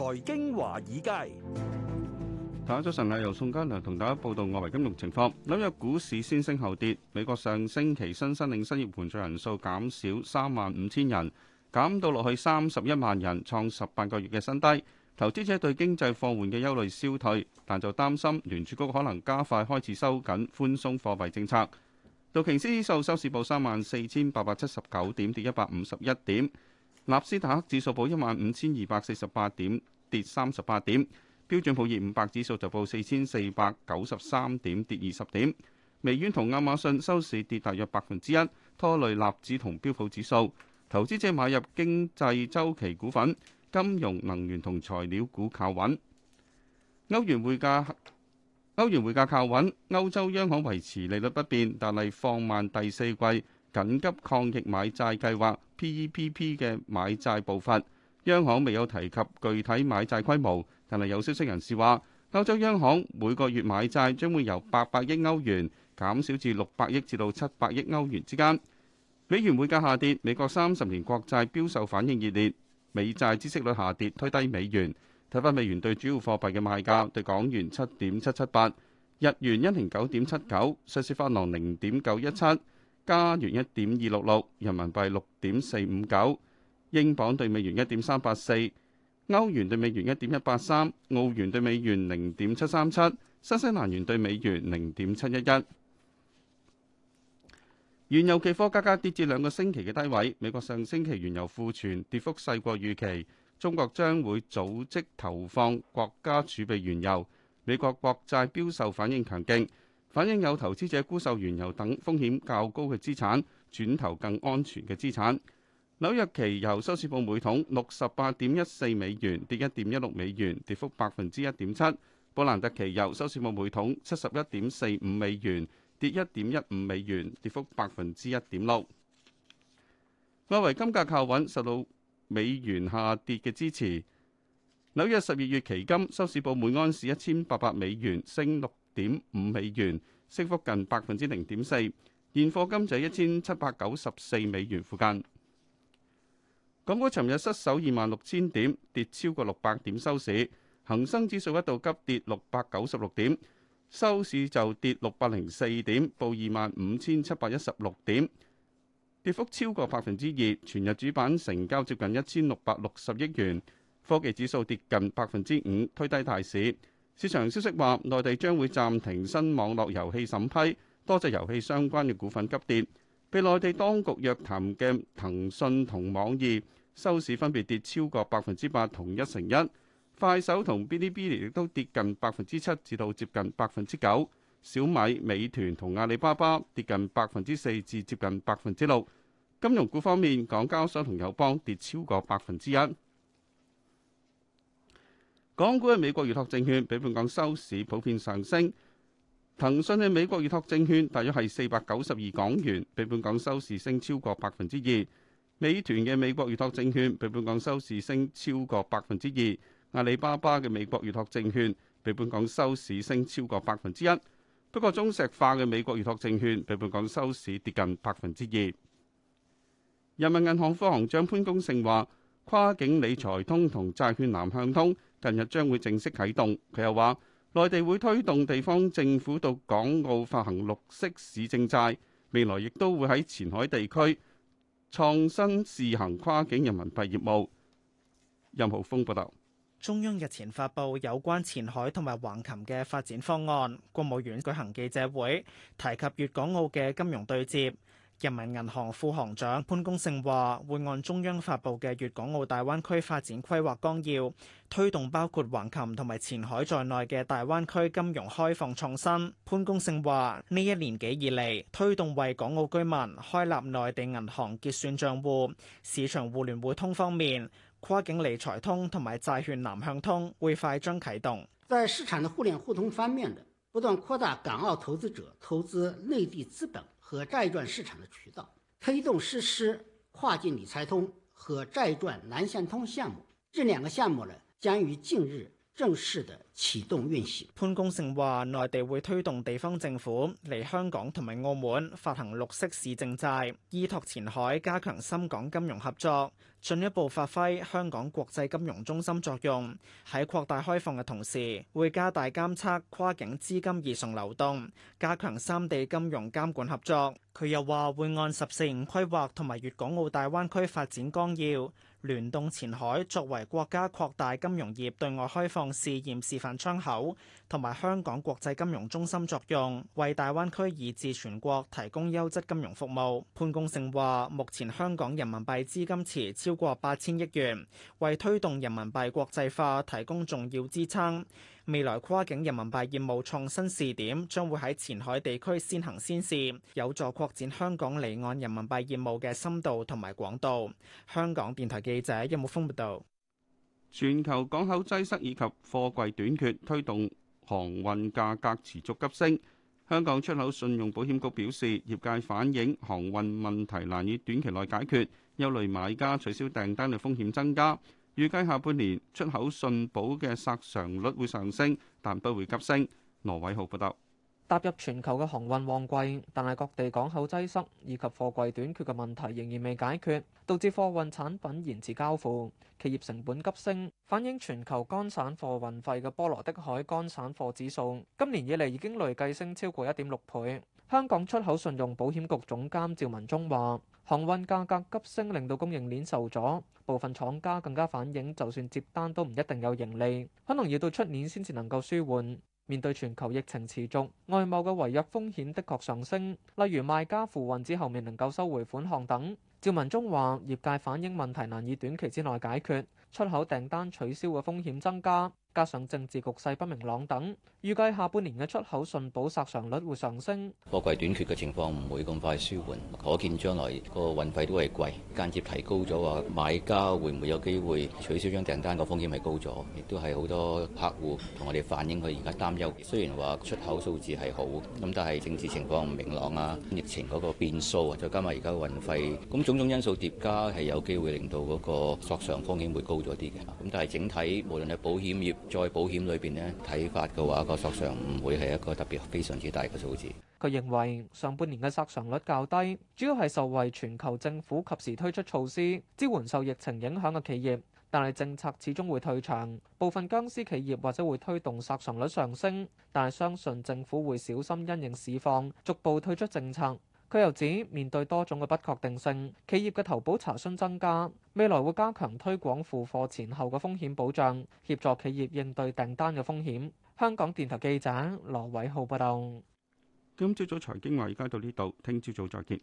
財經華爾街，大家早晨啊！由宋家良同大家報道外圍金融情況。紐約股市先升後跌，美國上星期新申領失業援助人數減少三萬五千人，減到落去三十一萬人，創十八個月嘅新低。投資者對經濟放緩嘅憂慮消退，但就擔心聯儲局可能加快開始收緊寬鬆貨幣政策。道瓊斯指數收市報三萬四千八百七十九點，跌一百五十一點。納斯達克指數報一萬五千二百四十八點，跌三十八點。標準普爾五百指數就報四千四百九十三點，跌二十點。微軟同亞馬遜收市跌大約百分之一，拖累納指同標普指數。投資者買入經濟周期股份、金融、能源同材料股靠穩。歐元匯價歐元匯價靠穩。歐洲央行維持利率不變，但係放慢第四季。緊急抗疫買債計劃 （PEPP） 嘅買債步伐，央行未有提及具體買債規模，但係有消息人士話，歐洲央行每個月買債將會由八百億歐元減少至六百億至到七百億歐元之間。美元匯價下跌，美國三十年國債標售反應熱烈，美債孳息率下跌，推低美元。睇翻美元對主要貨幣嘅賣價，對港元七點七七八，日元一零九點七九，瑞士法郎零點九一七。加元1.266，人民幣6.459，英鎊對美元1.384，歐元對美元1.183，澳元對美元0.737，新西蘭元對美元0.711。原油期貨價格跌至兩個星期嘅低位。美國上星期原油庫存跌幅細過預期。中國將會組織投放國家儲備原油。美國國債標售反應強勁。反映有投資者沽售原油等風險較高嘅資產，轉投更安全嘅資產。紐約期油收市報每桶六十八點一四美元，跌一點一六美元，跌幅百分之一點七。布蘭特期油收市報每桶七十一點四五美元，跌一點一五美元，跌幅百分之一點六。外圍金價靠穩，受到美元下跌嘅支持。紐約十二月期金收市報每安士一千八百美元，升六點五美元，升幅近百分之零點四，現貨金就一千七百九十四美元附近。港股尋日失守二萬六千點，跌超過六百點收市。恒生指數一度急跌六百九十六點，收市就跌六百零四點，報二萬五千七百一十六點，跌幅超過百分之二。全日主板成交接近一千六百六十億元，科技指數跌近百分之五，推低大市。市場消息話，內地將會暫停新網絡遊戲審批，多隻遊戲相關嘅股份急跌。被內地當局約談嘅騰訊同網易，收市分別跌超過百分之八同一成一。快手同嗶哩嗶哩亦都跌近百分之七至到接近百分之九。小米、美團同阿里巴巴跌近百分之四至接近百分之六。金融股方面，港交所同友邦跌超過百分之一。港股嘅美國預託證券比本港收市普遍上升，騰訊嘅美國預託證券大約係四百九十二港元，比本港收市升超過百分之二；美團嘅美國預託證券比本港收市升超過百分之二；阿里巴巴嘅美國預託證券比本港收市升超過百分之一。不過中石化嘅美國預託證券比本港收市跌近百分之二。人民銀行副行長潘功勝話，跨境理財通同債券南向通近日將會正式啟動，佢又話內地會推動地方政府到港澳發行綠色市政債，未來亦都會喺前海地區創新試行跨境人民幣業務。任浩峰報道。中央日前發布有關前海同埋橫琴嘅發展方案，國務院舉行記者會，提及粵港澳嘅金融對接。人民銀行副行長潘功勝話會按中央發佈嘅《粵港澳大灣區發展規劃綱要》，推動包括橫琴同埋前海在內嘅大灣區金融開放創新。潘功勝話呢一年幾以嚟，推動為港澳居民開立內地銀行結算賬戶。市場互聯互通方面，跨境理財通同埋債券南向通會快將啟動。在市場的互聯互通方面不斷擴大，港澳投資者投資內地資本，和債券市場的渠道，推動實施跨境理財通和債券南向通項目。這兩個項目呢，將於近日正式的啟動運行。潘功勝話：內地會推動地方政府嚟香港同埋澳門發行綠色市政債，依託前海加強深港金融合作，進一步發揮香港國際金融中心作用。喺擴大開放嘅同時，會加大監測跨境資金異常流動，加強三地金融監管合作。佢又話會按十四五規劃同埋粵港澳大灣區發展綱要，聯動前海作為國家擴大金融業對外開放試驗示。反窗口同埋香港國際金融中心作用，為大灣區以至全國提供優質金融服務。潘功勝話，目前香港人民幣資金池超過八千億元，為推動人民幣國際化提供重要支撐。未來跨境人民幣業務創新試點將會喺前海地區先行先試，有助擴展香港離岸人民幣業務嘅深度同埋廣度。香港電台記者任木峯報道。有沒有全球港口擠塞以及貨櫃短缺推動航運價格持續急升。香港出口信用保險局表示，業界反映航運問題難以短期內解決，憂慮買家取消訂單嘅風險增加。預計下半年出口信保嘅索償率會上升，但不會急升。羅偉浩報導。踏入全球嘅航運旺季，但係各地港口擠塞以及貨櫃短缺嘅問題仍然未解決，導致貨運產品延遲交付，企業成本急升。反映全球乾散貨運費嘅波羅的海乾散貨指數今年以嚟已經累計升超過一點六倍。香港出口信用保險局總監趙文忠話，航運價格急升令到供應鏈受阻，部分廠家更加反映，就算接單都唔一定有盈利，可能要到出年先至能夠舒緩。面對全球疫情持續，外貿嘅違約風險的確上升，例如賣家付運之後未能夠收回款項等。趙文忠話：業界反映問題難以短期之內解決，出口訂單取消嘅風險增加，加上政治局勢不明朗等，預計下半年嘅出口信保索償率會上升。貨櫃短缺嘅情況唔會咁快舒緩，可見將來個運費都係貴，間接提高咗，話買家會唔會有機會取消張訂單個風險係高咗，亦都係好多客戶同我哋反映佢而家擔憂。雖然話出口數字係好，咁但係政治情況唔明朗啊，疫情嗰個變數啊，再加埋而家運費種種因素疊加係有機會令到嗰個索償風險會高咗啲嘅，咁但係整體無論係保險業再保險裏面呢，睇法嘅話，個索償唔會係一個特別非常之大嘅數字。佢認為上半年嘅索償率較低，主要係受惠全球政府及時推出措施支援受疫情影響嘅企業，但係政策始終會退場，部分僵屍企業或者會推動索償率上升，但係相信政府會小心因應市況，逐步退出政策。佢又指，面對多種嘅不確定性，企業嘅投保查詢增加，未來會加強推廣付貨前後嘅風險保障，協助企業應對訂單嘅風險。香港電台記者羅偉浩報道。今朝早財經話，而家到呢度，聽朝早再見。